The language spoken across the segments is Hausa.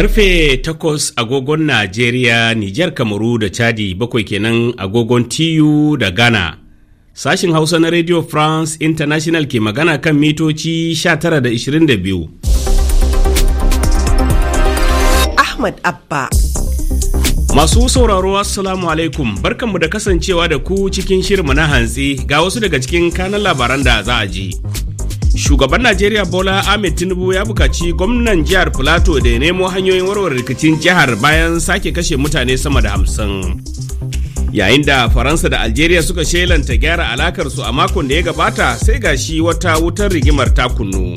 Karfe takwas agogon Najeriya, Nijar Kamaru da Chadi bakwai kenan agogon tiyu da Ghana. Sashin Hausa na Radio France International ke magana kan mitoci tara da 22. Ahmad Abba Masu sauraro Assalamu alaikum barkanmu da kasancewa da ku cikin shirma na hantsi ga wasu daga cikin kanan labaran da za a ji. shugaban najeriya bola ahmed tinubu ya bukaci gwamnan jihar plateau da ya nemo hanyoyin warware rikicin jihar bayan sake kashe mutane sama da hamsin yayin da faransa da algeria suka shelanta gyara alakar su a makon da ya gabata sai ga shi wata wutar rigimar ta kunnu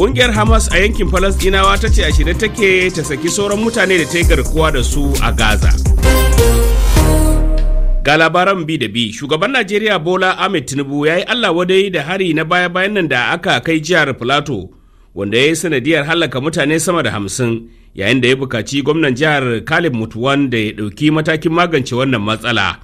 ƙungiyar hamas a yankin falasɗinawa ta ce a shirye take ta saki sauran mutane da ta yi garkuwa da su a gaza Ga labaran bi da bi, shugaban Najeriya Bola Ahmed Tinubu ya yi Allah wadai da hari na baya-bayan nan da aka kai jihar Filato, wanda ya yi sanadiyar hallaka mutane sama da hamsin, yayin da ya bukaci gwamnan jihar Kalib Mutuwan da ya ɗauki matakin magance wannan matsala.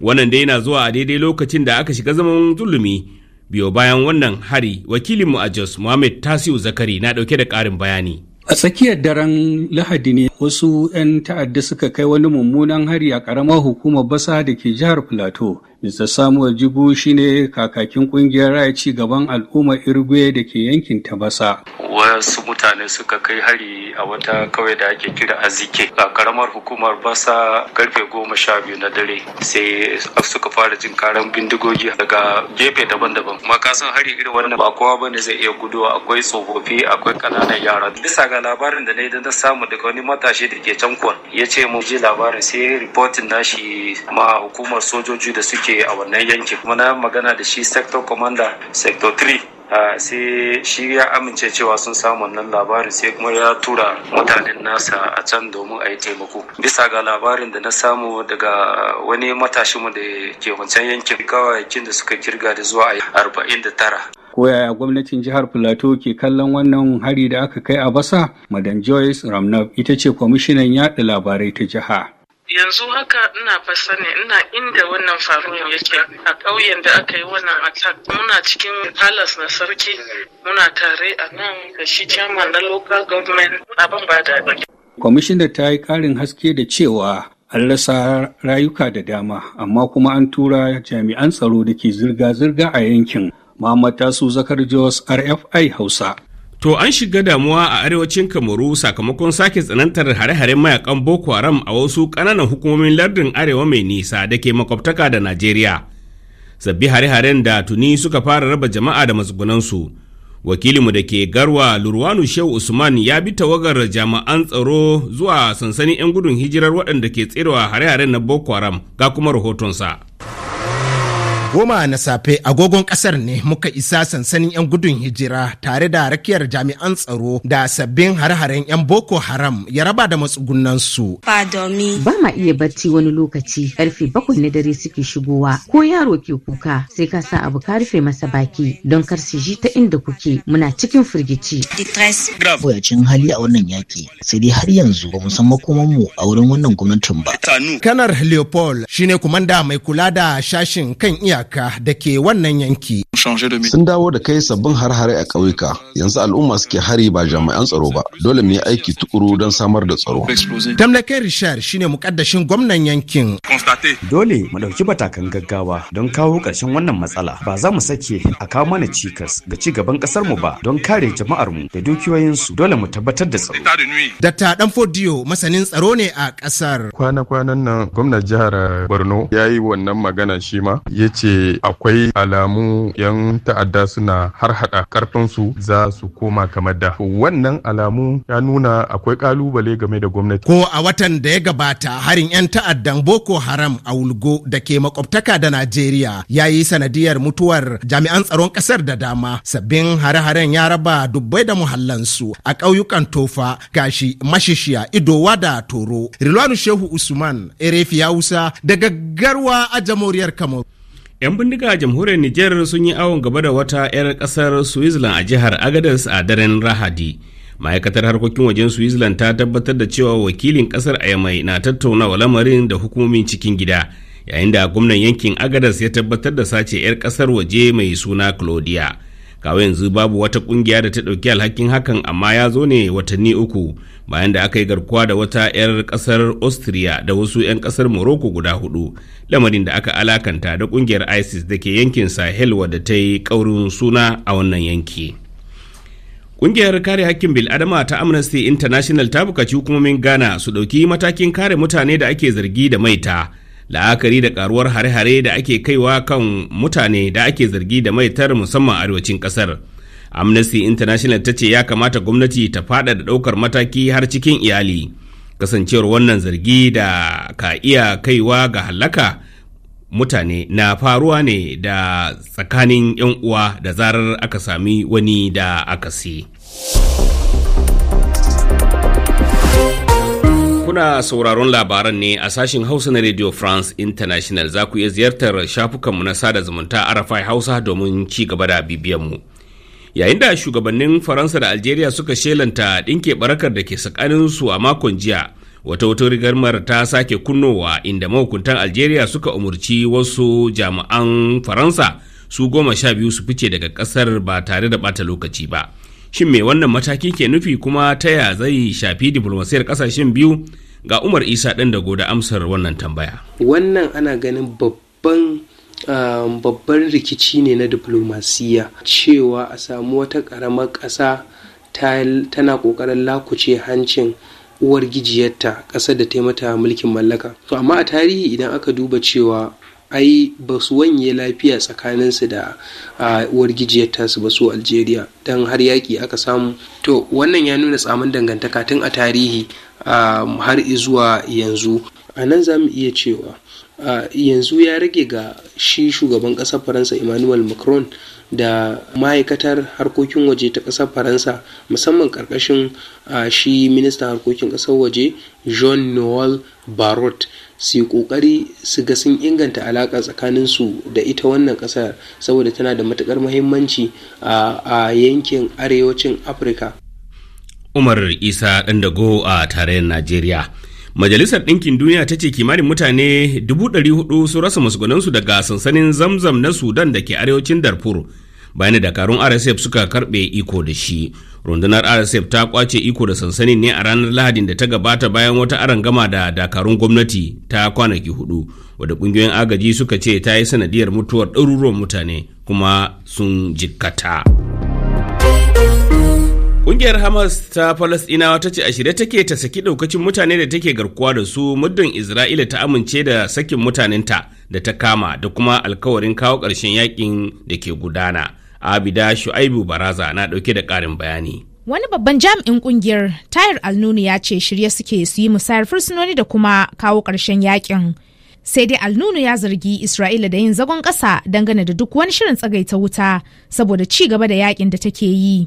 Wannan dai na zuwa a daidai lokacin da aka shiga zaman zulumi. Biyo bayan wannan hari, wakilinmu a Jos Muhammad Tasiu Zakari na ɗauke da ƙarin bayani. A tsakiyar daren Lahadi ne wasu 'yan ta'adda suka kai wani mummunan hari a ƙaramar hukumar basa da ke jihar Filato Mr. Samuel Jibu shi ne kakakin kungiyar raya ci gaban al'ummar Irgwe da ke yankin Tabasa. Wasu mutane suka kai hari a wata kawai da ake kira Azike a karamar hukumar Basa karfe goma sha biyu na dare sai suka fara jin karan bindigogi daga gefe daban-daban. Kuma ka san hari irin wannan ba kowa ba ne zai iya guduwa akwai tsofaffi akwai kananan yara. Bisa ga labarin da na yi na samu daga wani matashi da ke can ya ce mu ji labarin sai ripotin nashi ma hukumar sojoji da suke suke a wannan yanki kuma na magana da shi sector commander sector 3 ah, sai shi ya amince cewa sun samu wannan labarin sai kuma ya tura mutanen nasa a can domin a yi taimako bisa ga labarin da na samu daga wani matashinmu da ke wancan yankin yankin da suka kirga da zuwa arba'in da tara ko yaya gwamnatin jihar plateau ke kallon wannan hari da aka kai a basa Madam joyce ramnab ita ce kwamishinan yaɗa labarai ta jiha yanzu haka ina fasa ne ina inda wannan faruwar yake a ƙauyen da aka yi wannan attack muna cikin palace na sarki muna tare a nan da shi chairman na local government abin ba da ta yi ƙarin haske da cewa an rasa rayuka da dama amma kuma an tura jami'an tsaro da ke zirga-zirga a yankin mamata su Zakar Jos RFI Hausa. To an shiga damuwa a arewacin Kamaru sakamakon sake tsanantar hare-haren mayakan Boko Haram a wasu ƙananan hukumomin lardin arewa mai nisa da ke makwabtaka da Najeriya. Sabbi hare-haren da tuni suka fara raba jama'a da matsugunansu. Wakilinmu da ke garwa Lurwanu Shehu Usman ya bi tawagar jami'an tsaro zuwa sansanin 'yan gudun hijirar waɗanda ke tserewa hare-haren na Boko Haram ga kuma rahotonsa. goma na safe agogon kasar ne muka isa sansanin 'yan gudun hijira tare da rakiyar jami'an tsaro da sabbin har-haren 'yan boko haram ya raba da su ba ma iya barci wani lokaci karfe bakwai na dare suke shigowa ko yaro ke kuka sai ka sa abu ka rufe masa baki don kar su ji ta inda kuke muna cikin firgici. Boyacin hali a wannan yaki sai dai har yanzu ba mu san makomanmu a wurin wannan gwamnatin ba. Kanar Leopold shine kumanda mai kula da shashin kan iya iyaka da ke wannan yanki. Sun dawo da kai sabbin har-hare a ƙauyuka, yanzu al'umma suke hari ba jami'an tsaro ba, dole mu yi aiki tukuru don samar da tsaro. Tamlaken Rishar shine mukaddashin gwamnan yankin. Dole mu ɗauki matakan gaggawa don kawo ƙarshen wannan matsala. Ba za mu sake a kawo mana cikas ga ci gaban ƙasar mu ba don kare jama'ar mu da dukiyoyinsu dole mu tabbatar da tsaro. Datta Danfodiyo masanin tsaro ne a ƙasar. Kwana-kwanan nan gwamnan jihar Borno ya yi wannan magana shi ma ya ce yake akwai alamu yan ta'adda suna har harhaɗa karfinsu za su koma kamar da wannan alamu ya nuna akwai kalubale game da gwamnati ko a watan da ya gabata harin yan ta'addan boko haram a wulgo da ke makwabtaka da najeriya ya yi sanadiyar mutuwar jami'an tsaron kasar da dama sabbin hare-haren ya raba dubbai da muhallansu a ƙauyukan tofa gashi mashishiya idowa da toro rilwanu shehu usman erefi hausa daga garwa a jamhuriyar kamaru 'Yan bindiga a jamhuriyar Nijar sun yi awon gaba da wata 'yar kasar Switzerland a jihar Agadez a daren Rahadi. Ma'aikatar harkokin wajen Switzerland ta tabbatar da cewa wakilin kasar Ayamai na tattaunawa lamarin da hukumomin cikin gida, yayin da gwamnan yankin Agadez ya tabbatar da sace 'yar kasar waje mai suna Claudia. kawai yanzu babu wata kungiya da ta ɗauki alhakin hakan amma ya zo ne watanni uku bayan da aka yi garkuwa da wata 'yar ƙasar austria da wasu 'yan ƙasar morocco guda hudu lamarin da aka alakanta da kungiyar isis da ke yankin sahel wadda ta yi ƙaurin suna a wannan yanki Ƙungiyar kare hakkin bil'adama ta Amnesty International ta bukaci hukumomin Ghana su ɗauki matakin kare mutane da ake zargi da maita la'akari da karuwar hare-hare da ake kaiwa kan mutane da ake zargi da maitar musamman arewacin kasar amnesty international ta ce ya kamata gwamnati ta fada da daukar mataki har cikin iyali kasancewar wannan zargi da ka iya kaiwa ga halaka mutane na faruwa ne da tsakanin 'yan uwa da zarar aka sami wani da aka akasi. kuna sauraron labaran ne a sashen Hausa na Radio France International za ku iya ziyartar shafukanmu na sada zumunta Rafai Hausa domin ci gaba da bibiyanmu. Yayin da shugabannin Faransa da Algeria suka shelanta ɗinke barakar da ke su a makon jiya, wata wata rigarmar ta sake kunnowa inda mahukuntan Algeria suka umurci wasu jami'an Faransa su goma sha biyu su fice daga ƙasar ba tare da ɓata lokaci ba. shin me wannan mataki ke nufi kuma ta ya zai shafi diplomasiyar kasashen biyu ga umar isa ɗan da da amsar wannan tambaya wannan ana ganin babban um, babban rikici ne na diplomasiya cewa a samu wata ƙaramar ƙasa tana ƙoƙarin lakuce hancin uwar gijiyarta ƙasar da ta mata mulkin mallaka to amma a tarihi idan aka duba cewa ai ba su wanye lafiya tsakaninsu da uwar gijiyarta tasu ba su algeria don har yaƙi aka samu to wannan ya nuna tsamin dangantaka tun a tarihi har zuwa yanzu a nan za mu iya cewa yanzu ya rage ga shi shugaban ƙasar faransa emmanuel macron da ma'aikatar harkokin waje ta ƙasar faransa musamman ƙarƙashin shi ministan harkokin ƙasar waje jean noel barot su yi ƙoƙari su ga sun inganta alaƙa tsakaninsu da ita wannan ƙasar saboda tana da matuƙar muhimmanci a yankin arewacin afirka umar isa ɗan dago a tarayyar najeriya Majalisar Ɗinkin Duniya ta ce kimanin mutane 400 sun rasa musgunansu daga sansanin zamzam na Sudan da ke arewacin Darfur bayan da dakarun RSF suka karbe iko da shi. Rundunar RSF ta kwace iko da sansanin ne a ranar Lahadin da ta gabata bayan wata arangama da dakarun gwamnati ta kwanaki hudu, wada ƙungiyoyin agaji suka ce ta yi sanadiyar mutuwar ɗaruruwan mutane kuma sun jikkata. Ƙungiyar Hamas ta Falasɗinawa ta ce a shirye take ta saki ɗaukacin mutane da take garkuwa da su muddin Isra'ila ta amince da sakin mutanenta da ta kama da kuma alkawarin kawo ƙarshen yakin da ke gudana. Abida Shu'aibu Baraza na ɗauke da ƙarin bayani. Wani babban jami'in ƙungiyar Tayar Alnuni ya ce shirye suke su yi musayar fursunoni da kuma kawo ƙarshen yakin. sai dai alnunu ya zargi isra'ila da yin zagon ƙasa dangane da duk wani shirin tsagaita wuta saboda ci gaba da yakin da take yi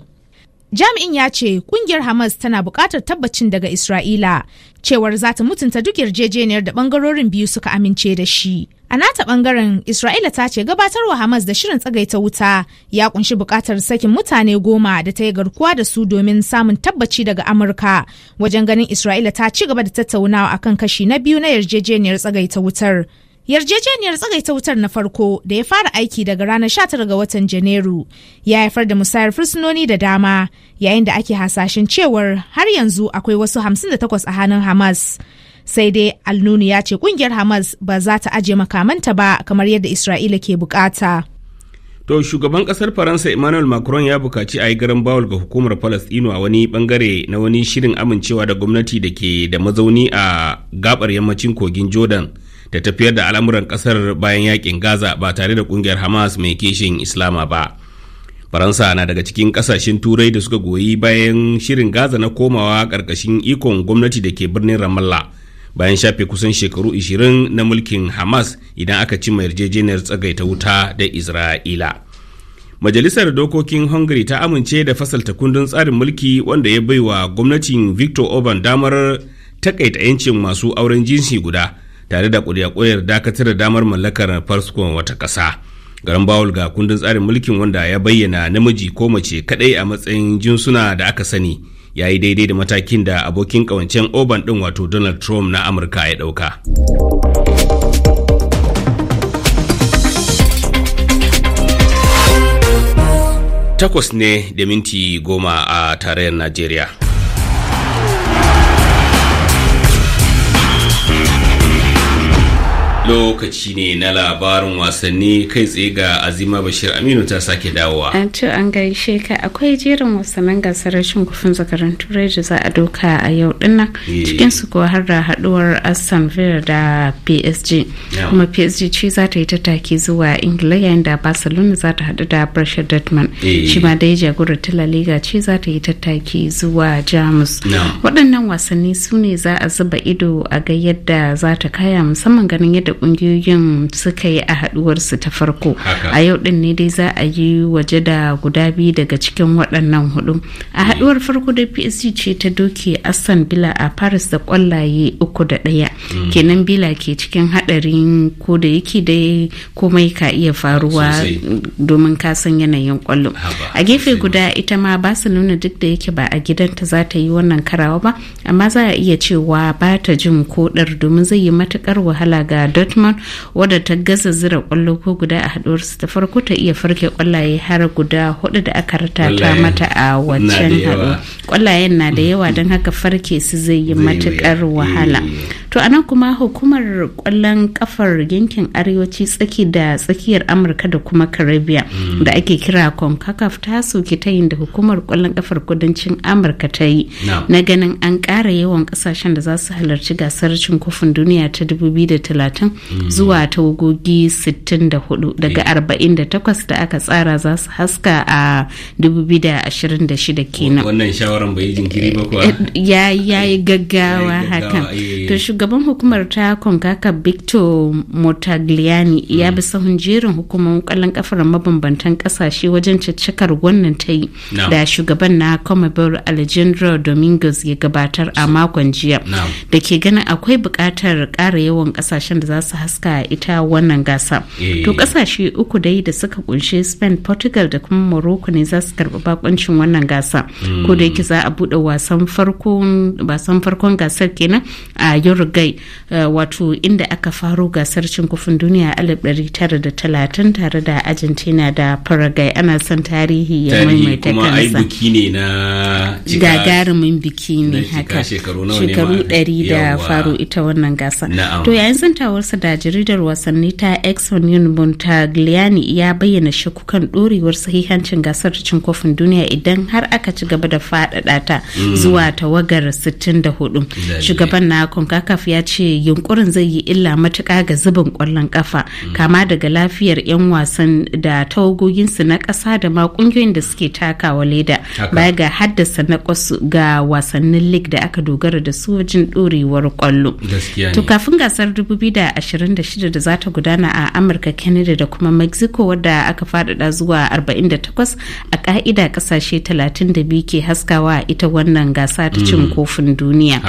Jami'in ya ce kungiyar Hamas tana bukatar tabbacin daga Isra'ila cewar za ta mutunta duk yarjejeniyar da bangarorin biyu suka amince da shi. A nata ɓangaren Isra'ila ta ce gabatarwa Hamas da shirin tsagaita wuta ya kunshi bukatar sakin mutane goma da ta yi garkuwa da su domin samun tabbaci daga Amurka wajen ganin Isra'ila ta ci gaba da tattaunawa akan kashi na biyu na yarjejeniyar tsagaita wutar. Yarjejeniyar tsagaita wutar na farko da ya fara aiki daga ranar 19 ga watan Janairu ya haifar da musayar fursunoni da dama yayin da ake hasashen cewar har yanzu akwai wasu 58 a hannun Hamas. Sai dai alnunu ya ce kungiyar Hamas ba za ta ajiye makamanta ba kamar yadda Isra'ila ke bukata. To shugaban kasar Faransa Emmanuel Macron ya bukaci a yi garin bawul ga hukumar Falastinu a wani bangare na wani shirin amincewa da gwamnati da ke da mazauni a gabar yammacin kogin Jordan. da tafiyar da al'amuran kasar bayan yakin gaza ba tare da kungiyar hamas mai kishin islama ba faransa na daga cikin kasashen turai da suka goyi bayan shirin gaza na komawa karkashin ikon gwamnati da ke birnin ramallah bayan shafe kusan shekaru 20 na mulkin hamas idan aka cimma yarjejeniyar tsagaita wuta da isra'ila majalisar dokokin hungary ta amince da fasalta kundin tsarin mulki wanda ya baiwa gwamnatin victor orban damar takaita 'yancin masu auren jinsi guda tare da ƙuri'a-ƙuri'ar dakatar da damar mallakar farskon wata ƙasa garin bawul ga kundin tsarin mulkin wanda ya bayyana namiji ko mace kadai a matsayin jinsuna da aka sani ya yi daidai da matakin da abokin ƙawancen oban ɗin wato donald trump na amurka ya ɗauka takwas ne da minti goma a tarayyar najeriya lokaci ne na labarin wasanni kai tsaye ga azima bashir aminu ta sake dawowa an ce an gaishe ka akwai jerin wasannin gasar rashin kufin turai da za a doka a yau dinnan eh. cikin su kuwa har da haduwar aston villa da psg kuma psg ce za ta yi tattaki zuwa ingila yayin da barcelona za ta hadu da borussia dortmund eh. shi ma dai jagorar tila liga ce za ta yi tattaki zuwa jamus waɗannan wasanni su ne za a zuba ido a ga yadda za ta kaya musamman ganin yadda da kungiyoyin suka yi a haduwarsu ta farko a yau din ne dai za a yi waje da guda biyu daga cikin waɗannan hudu a eh. haduwar farko da psg ce ta doke assan bila a paris da kwallaye uku da ɗaya hmm. kenan bila ke cikin hadarin ko da yake dai komai ka iya faruwa domin ka san yanayin kwallo a gefe guda ita ma ba su nuna duk da yake ba a gidanta za ta yi wannan karawa ba amma za a iya cewa ba ta jin koɗar domin zai yi matukar wahala ga dortmund wadda ta gasa zira kwallo ko guda a haduwarsu ta farko ta iya farke kwallaye har guda hudu da aka rata mata a wancan haɗu kwallayen na da yawa don haka farke su zai yi matukar eh. wahala to anan kuma hukumar kwallon kafar yankin arewaci tsaki da tsakiyar amurka da kuma caribbean hmm. da ake kira concacaf ta soke ta yin da hukumar kwallon kafar kudancin amurka ta yi na ganin an ƙara yawan kasashen da za su halarci gasar cin kofin duniya ta 2030 zuwa ta tagogi 64 daga 48 eh. da aka tsara za su haska a 2026 kenan wannan shawaran bai jinkiri ba kuwa eh, ya yi gaggawa hakan eh, to shugaban hukumar ta konkaka victor motagliani ya mm. bi sahun jerin hukumar kwallon kafar mabambantan kasashe wajen caccakar wannan ta yi da shugaban na commonwealth alejandro dominguez ya gabatar a makon jiya da ke ganin akwai buƙatar ƙara yawan ƙasashen da za su haska ita wannan gasa to eh. kasashe uku dai da suka kunshi spain portugal da kuma morocco ne za su karbi bakuncin wannan gasa ko da yake za a bude wasan farkon gasar kenan a uruguay eh, wato inda aka faro gasar cin kofin duniya a 1930 tare da argentina da paraguay ana son tarihi ya maimaita kansa gagarumin biki ne haka shekaru 100 da faro ita wannan gasa to yayin zantawar hirarsa da jaridar wasanni ta Exonion Montagliani ya bayyana shakku kan dorewar sahihancin gasar cin kofin duniya idan har aka ci gaba da faɗaɗa ta mm. zuwa tawagar 64. Shugaban na CONCACAF ya ce yunkurin zai yi illa matuka ga zubin ƙwallon kafa mm. kama daga lafiyar 'yan wasan da tawagoginsu na ƙasa da ma ƙungiyoyin da suke takawa leda baya ga haddasa na ga wasannin league da aka dogara da su wajen ɗorewar ƙwallo. To kafin gasar 26 da za ta gudana a amurka canada da kuma mexico wadda aka fadada zuwa 48 a ka'ida ƙasashe 32 ke haskawa ita wannan gasa ta cin mm. kofin duniya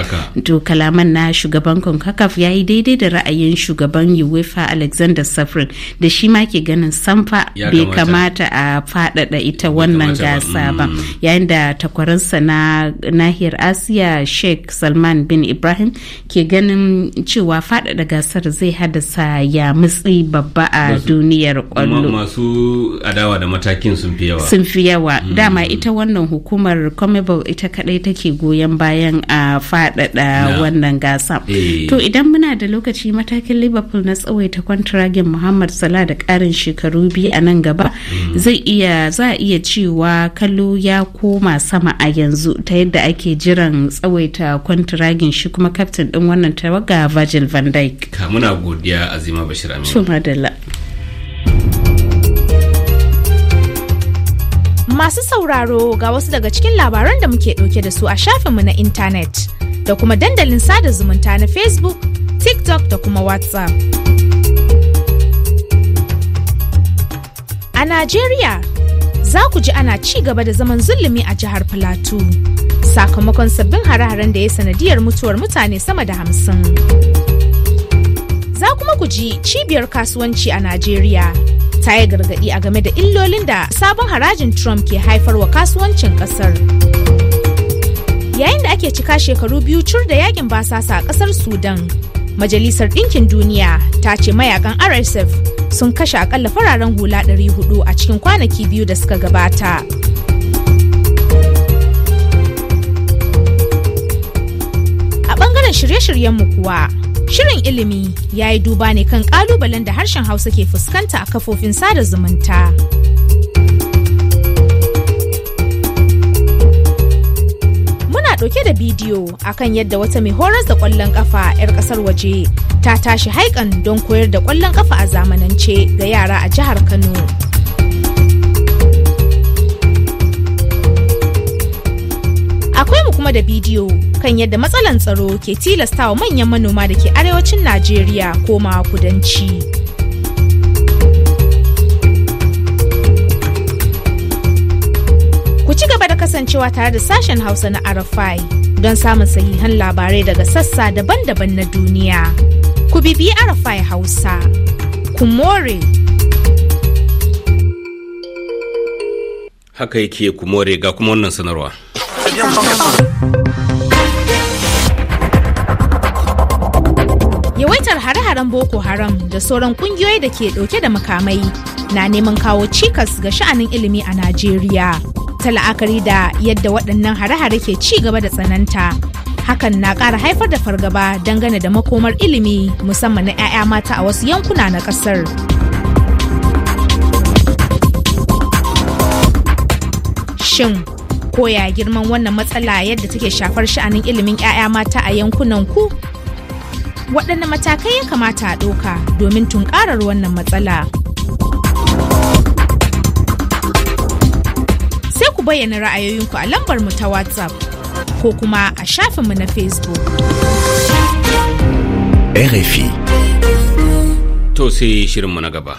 to kalaman na shugaban concacaf ya yi daidai da ra'ayin shugaban uefa alexander safrin da shi ma ke ganin samfa bai kamata a fadada ita wannan gasa ba mm. yayin da takwaransa na nahiyar asiya sheikh salman bin ibrahim ke ganin cewa fadada gasar zai haddasa ya mutsi babba a duniyar kwallo masu adawa da matakin sun fi yawa sun fi yawa hmm. dama ita wannan hukumar comebol ita kadai take goyon bayan a faɗaɗa wannan gasa eh. to idan muna da lokaci matakin liverpool na tsawaita kwantiragin muhammad salah da ƙarin shekaru biyu a nan gaba hmm. zai iya za a iya cewa kallo ya koma sama a yanzu ta yadda ake jiran tsawaita kwantiragin shi kuma kaftin din wannan tawaga virgil van dijk muna godiya zima bashir masu sauraro ga wasu daga cikin labaran da muke ɗauke da su a shafinmu na intanet da kuma dandalin sada zumunta na facebook tiktok da kuma whatsapp a najeriya za ku ji ana ci gaba da zaman zulumi a jihar plateau sakamakon sabbin hare-haren da ya sanadiyar mutuwar mutane sama da hamsin. Za kuma ku ji cibiyar kasuwanci a Najeriya. Ta yi gargaɗi a game da illolin da sabon harajin Trump ke haifarwa kasuwancin ƙasar. Yayin da ake cika shekaru biyu cur da yakin basasa a ƙasar Sudan, Majalisar Ɗinkin Duniya ta ce mayakan RSF sun kashe aƙalla fararen hula 400 a cikin kwanaki biyu da suka gabata. A ɓangaren shirye shiryen mu kuwa, Shirin ilimi ya yi duba ne kan ƙalubalen da harshen Hausa ke fuskanta a kafofin sada zumunta. Muna ɗauke da bidiyo akan yadda wata mai horar da ƙwallon ƙafa 'yar ƙasar waje ta tashi haikan don koyar da ƙwallon ƙafa a zamanance ga yara a jihar Kano. Akwai mu kuma da bidiyo kan yadda matsalan tsaro ke tilastawa manyan manoma da ke arewacin Najeriya koma kudanci. Ku ci gaba da kasancewa tare da sashen Hausa na Arafai don samun sahihan labarai daga sassa daban-daban na duniya. Ku bibi Arafai Hausa, ku more. Haka yake ku more ga kuma wannan sanarwa. Yaran Boko Haram da sauran kungiyoyi da ke ɗauke da makamai na neman kawo cikas ga sha'anin ilimi a Najeriya. Ta la'akari da yadda waɗannan hare-hare ke ci gaba da tsananta. Hakan na ƙara haifar da fargaba dangane da makomar ilimi musamman na 'ya'ya mata a wasu yankuna na ƙasar. Shin koya girman wannan matsala yadda take shafar sha'anin ilimin 'ya'ya mata a yankunan ku waɗanne matakai ya kamata a ɗauka domin tunkarar wannan matsala. Sai ku bayyana ra'ayoyinku a lambar mu ta WhatsApp ko kuma a shafinmu na Facebook. RFI To sai shirinmu na gaba.